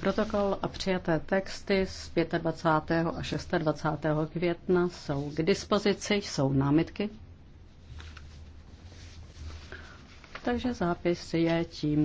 Protokol a přijaté texty z 25. a 26. května jsou k dispozici, jsou námitky. Takže zápis je tím